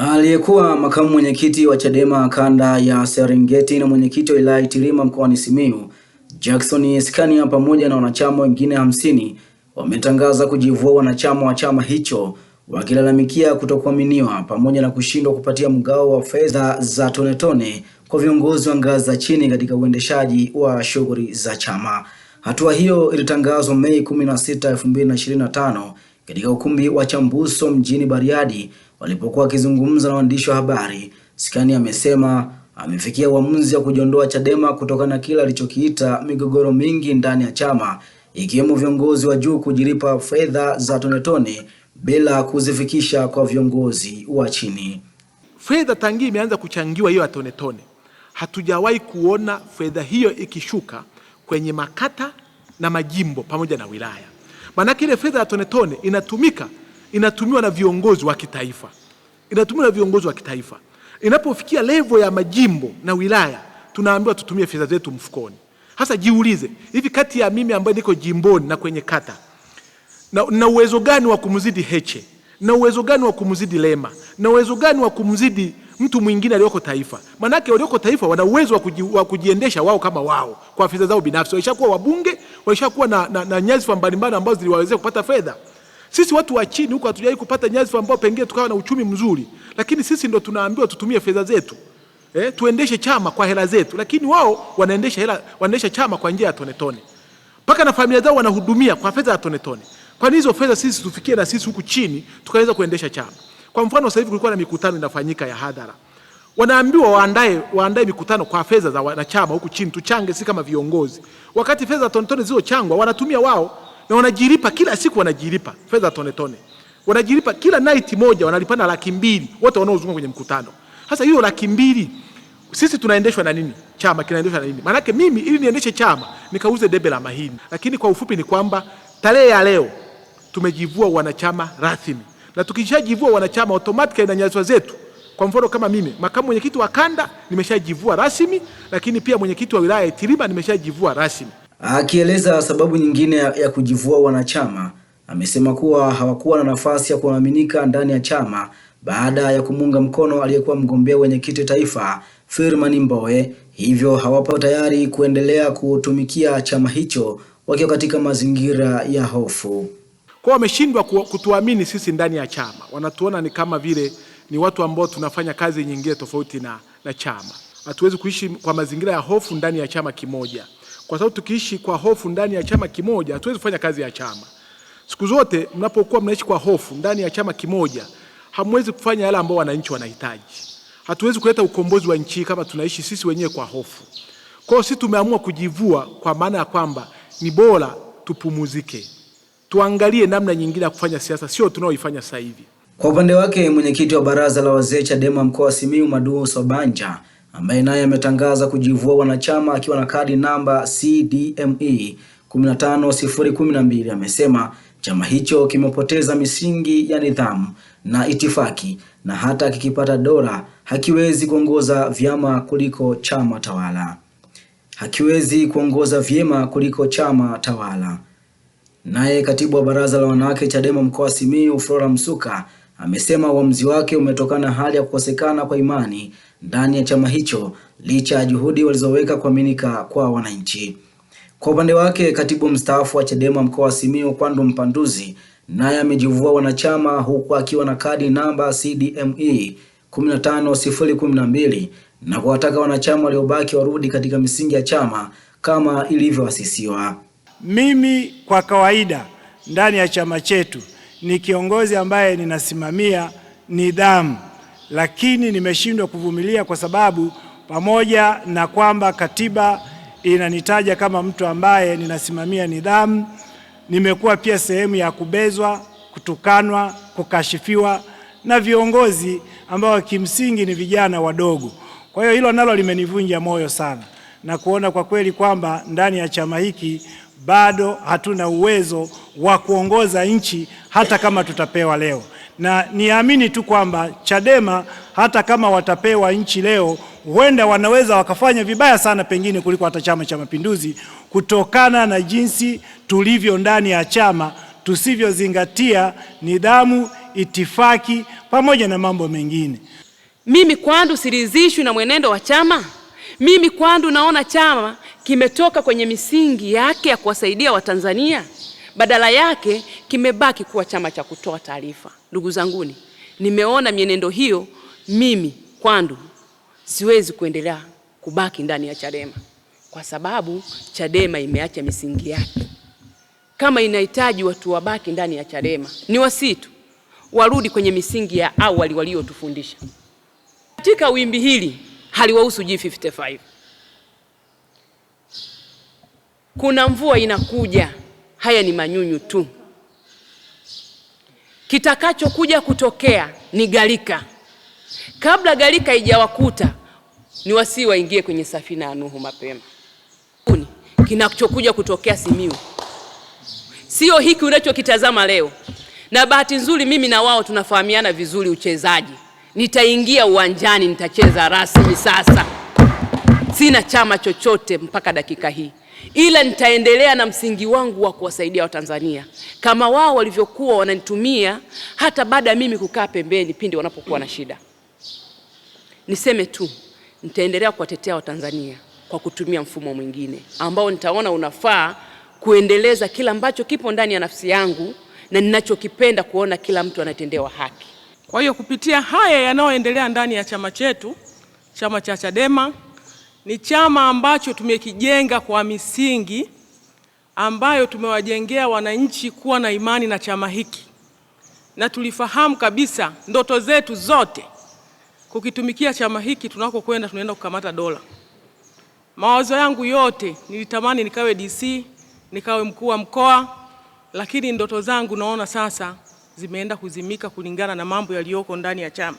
Aliyekuwa makamu mwenyekiti wa Chadema kanda ya Serengeti na mwenyekiti wa wilaya Itilima mkoani Simiyu, Jackson Iskania pamoja na wanachama wengine hamsini wametangaza kujivua wanachama wa chama hicho wakilalamikia kutokuaminiwa pamoja na kushindwa kupatia mgao wa fedha za tonetone kwa viongozi wa ngazi za chini katika uendeshaji wa shughuli za chama. Hatua hiyo ilitangazwa Mei 16, 2025 katika ukumbi wa Chambuso mjini Bariadi Walipokuwa wakizungumza na waandishi wa habari, Sikani amesema amefikia uamuzi wa kujiondoa Chadema kutokana na kile alichokiita migogoro mingi ndani ya chama ikiwemo viongozi wa juu kujilipa fedha za tonetone bila kuzifikisha kwa viongozi wa chini. Fedha tangi imeanza kuchangiwa hiyo ya tonetone, hatujawahi kuona fedha hiyo ikishuka kwenye makata na majimbo pamoja na wilaya. Maanake ile fedha ya tonetone inatumika inatumiwa na viongozi wa kitaifa, inatumiwa na viongozi wa kitaifa. Inapofikia levo ya majimbo na wilaya, tunaambiwa tutumie fedha zetu mfukoni. Hasa jiulize, hivi kati ya mimi ambaye niko jimboni na kwenye kata na, na uwezo gani wa kumzidi Heche na uwezo gani wa kumzidi Lema na uwezo gani wa kumzidi mtu mwingine aliyoko taifa? Maanake walioko taifa wana uwezo wa, kuji, wa kujiendesha wao kama wao kwa fedha zao binafsi. waishakuwa wabunge, waishakuwa na, na, na nyadhifa mbalimbali ambazo ziliwawezesha kupata fedha. Sisi watu wa chini huko hatujawai kupata nyadhifa ambao pengine tukawa na uchumi mzuri, lakini sisi ndo tunaambiwa tutumie fedha zetu eh, tuendeshe chama kwa hela zetu, lakini wao wanaendesha hela, wanaendesha chama kwa njia ya tone tone, mpaka na familia zao wanahudumia kwa fedha ya tone tone. Kwa nini hizo fedha sisi tufikie na sisi huku chini tukaweza kuendesha chama? Kwa mfano sasa hivi kulikuwa na mikutano inafanyika ya hadhara, wanaambiwa waandae waandae mikutano kwa fedha za wanachama huku chini, tuchange si kama viongozi, wakati fedha tone tone zilizochangwa wanatumia wao na wanajilipa kila siku, wanajilipa fedha tone tone, wanajilipa kila night moja, wanalipana laki mbili wote wanaozunguka kwenye mkutano. Sasa hiyo laki mbili sisi tunaendeshwa na nini? Chama kinaendeshwa na nini? Maanake mimi ili niendeshe chama nikauze debe la mahindi. Lakini kwa ufupi ni kwamba tarehe ya leo tumejivua wanachama rasmi, na tukishajivua wanachama automatically na nyadhifa zetu kwa mfano kama mimi makamu mwenyekiti wa kanda nimeshajivua rasmi, lakini pia mwenyekiti wa wilaya ya Itilima nimeshajivua rasmi. Akieleza sababu nyingine ya kujivua wanachama, amesema kuwa hawakuwa na nafasi ya kuaminika ndani ya chama baada ya kumuunga mkono aliyekuwa mgombea wenyekiti taifa Freeman Mbowe, hivyo hawapo tayari kuendelea kutumikia chama hicho wakiwa katika mazingira ya hofu. Kwa wameshindwa kutuamini sisi ndani ya chama, wanatuona ni kama vile ni watu ambao tunafanya kazi nyingine tofauti na, na chama. Hatuwezi kuishi kwa mazingira ya hofu ndani ya chama kimoja kwa sababu tukiishi kwa hofu ndani ya chama kimoja hatuwezi kufanya kazi ya chama. Siku zote mnapokuwa mnaishi kwa hofu ndani ya chama kimoja, hamwezi kufanya yale ambayo wananchi wanahitaji. Hatuwezi kuleta ukombozi wa nchi kama tunaishi sisi wenyewe kwa hofu. Kwa hiyo sisi tumeamua kujivua, kwa maana ya kwamba ni bora tupumuzike, tuangalie namna nyingine ya kufanya siasa, sio tunaoifanya sasa hivi. Kwa upande wake mwenyekiti wa baraza la wazee CHADEMA mkoa wa Simiyu Maduo Sobanja ambaye naye ametangaza kujivua wanachama akiwa na kadi namba CDME 15012 amesema chama hicho kimepoteza misingi ya nidhamu na itifaki na hata kikipata dola hakiwezi kuongoza vyema kuliko chama tawala, hakiwezi kuongoza vyema kuliko chama tawala. Naye katibu wa baraza la wanawake Chadema mkoa wa Simiyu Flora Msuka amesema uamuzi wake umetokana hali ya kukosekana kwa imani ndani ya chama hicho licha ya juhudi walizoweka kuaminika kwa wananchi. Kwa upande wake, katibu mstaafu wa Chadema mkoa wa Simiyu Kwandu Mpanduzi naye amejivua wanachama huku akiwa na kadi namba CDME 15012 na kuwataka wanachama waliobaki warudi katika misingi ya chama kama ilivyoasisiwa. Mimi kwa kawaida ndani ya chama chetu ni kiongozi ambaye ninasimamia nidhamu, lakini nimeshindwa kuvumilia kwa sababu pamoja na kwamba katiba inanitaja kama mtu ambaye ninasimamia nidhamu, nimekuwa pia sehemu ya kubezwa, kutukanwa, kukashifiwa na viongozi ambao kimsingi ni vijana wadogo. Kwa hiyo hilo nalo limenivunja moyo sana na kuona kwa kweli kwamba ndani ya chama hiki bado hatuna uwezo wa kuongoza nchi hata kama tutapewa leo, na niamini tu kwamba Chadema hata kama watapewa nchi leo, huenda wanaweza wakafanya vibaya sana, pengine kuliko hata Chama cha Mapinduzi, kutokana na jinsi tulivyo ndani ya chama, tusivyozingatia nidhamu, itifaki pamoja na mambo mengine. Mimi kwandu siridhishwi na mwenendo wa chama. Mimi kwandu naona chama kimetoka kwenye misingi yake ya kuwasaidia Watanzania, badala yake kimebaki kuwa chama cha kutoa taarifa. Ndugu zanguni, nimeona mienendo hiyo, mimi kwandu siwezi kuendelea kubaki ndani ya Chadema kwa sababu Chadema imeacha misingi yake. Kama inahitaji watu wabaki ndani ya Chadema, ni wasitu warudi kwenye misingi ya awali waliotufundisha. Katika wimbi hili haliwahusu G55 kuna mvua inakuja, haya ni manyunyu tu. Kitakachokuja kutokea ni gharika. Kabla gharika haijawakuta, ni wasii waingie kwenye safina ya Nuhu mapema. Kinachokuja kutokea Simiyu sio hiki unachokitazama leo, na bahati nzuri mimi na wao tunafahamiana vizuri uchezaji. Nitaingia uwanjani, nitacheza rasmi sasa. Sina chama chochote mpaka dakika hii ila nitaendelea na msingi wangu wa kuwasaidia Watanzania kama wao walivyokuwa wananitumia hata baada ya mimi kukaa pembeni pindi wanapokuwa na shida. Niseme tu nitaendelea kuwatetea Watanzania kwa kutumia mfumo mwingine ambao nitaona unafaa kuendeleza kila ambacho kipo ndani ya nafsi yangu na ninachokipenda kuona kila mtu anatendewa haki. Kwa hiyo kupitia haya yanayoendelea ndani ya chama chetu, chama cha Chadema ni chama ambacho tumekijenga kwa misingi ambayo tumewajengea wananchi kuwa na imani na chama hiki, na tulifahamu kabisa ndoto zetu zote kukitumikia chama hiki, tunakokwenda tunaenda kukamata dola. Mawazo yangu yote nilitamani nikawe DC, nikawe mkuu wa mkoa, lakini ndoto zangu naona sasa zimeenda kuzimika kulingana na mambo yaliyoko ndani ya chama.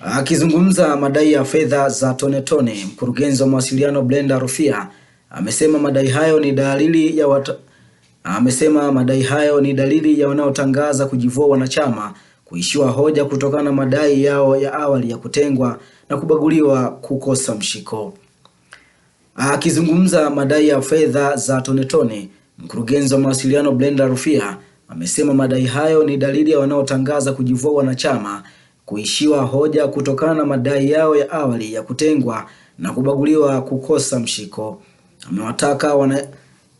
Akizungumza madai ya fedha za tone tone, mkurugenzi wa mawasiliano Brenda Rufia amesema madai hayo ni dalili ya wat... amesema madai hayo ni dalili ya wanaotangaza kujivua wanachama kuishiwa hoja kutokana na madai yao ya awali ya kutengwa na kubaguliwa kukosa mshiko. Akizungumza madai ya fedha za tone tone, mkurugenzi wa mawasiliano Brenda Rufia amesema madai hayo ni dalili ya wanaotangaza kujivua wanachama kuishiwa hoja kutokana na madai yao ya awali ya kutengwa na kubaguliwa kukosa mshiko. Amewataka wana...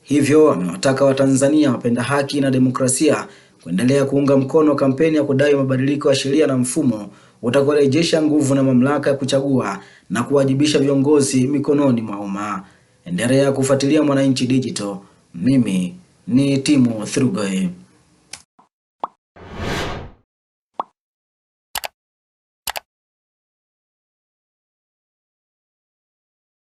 hivyo amewataka Watanzania wapenda haki na demokrasia kuendelea kuunga mkono kampeni ya kudai mabadiliko ya sheria na mfumo utakorejesha nguvu na mamlaka ya kuchagua na kuwajibisha viongozi mikononi mwa umma. Endelea kufuatilia Mwananchi Digital. Mimi ni Timo Thrugoe.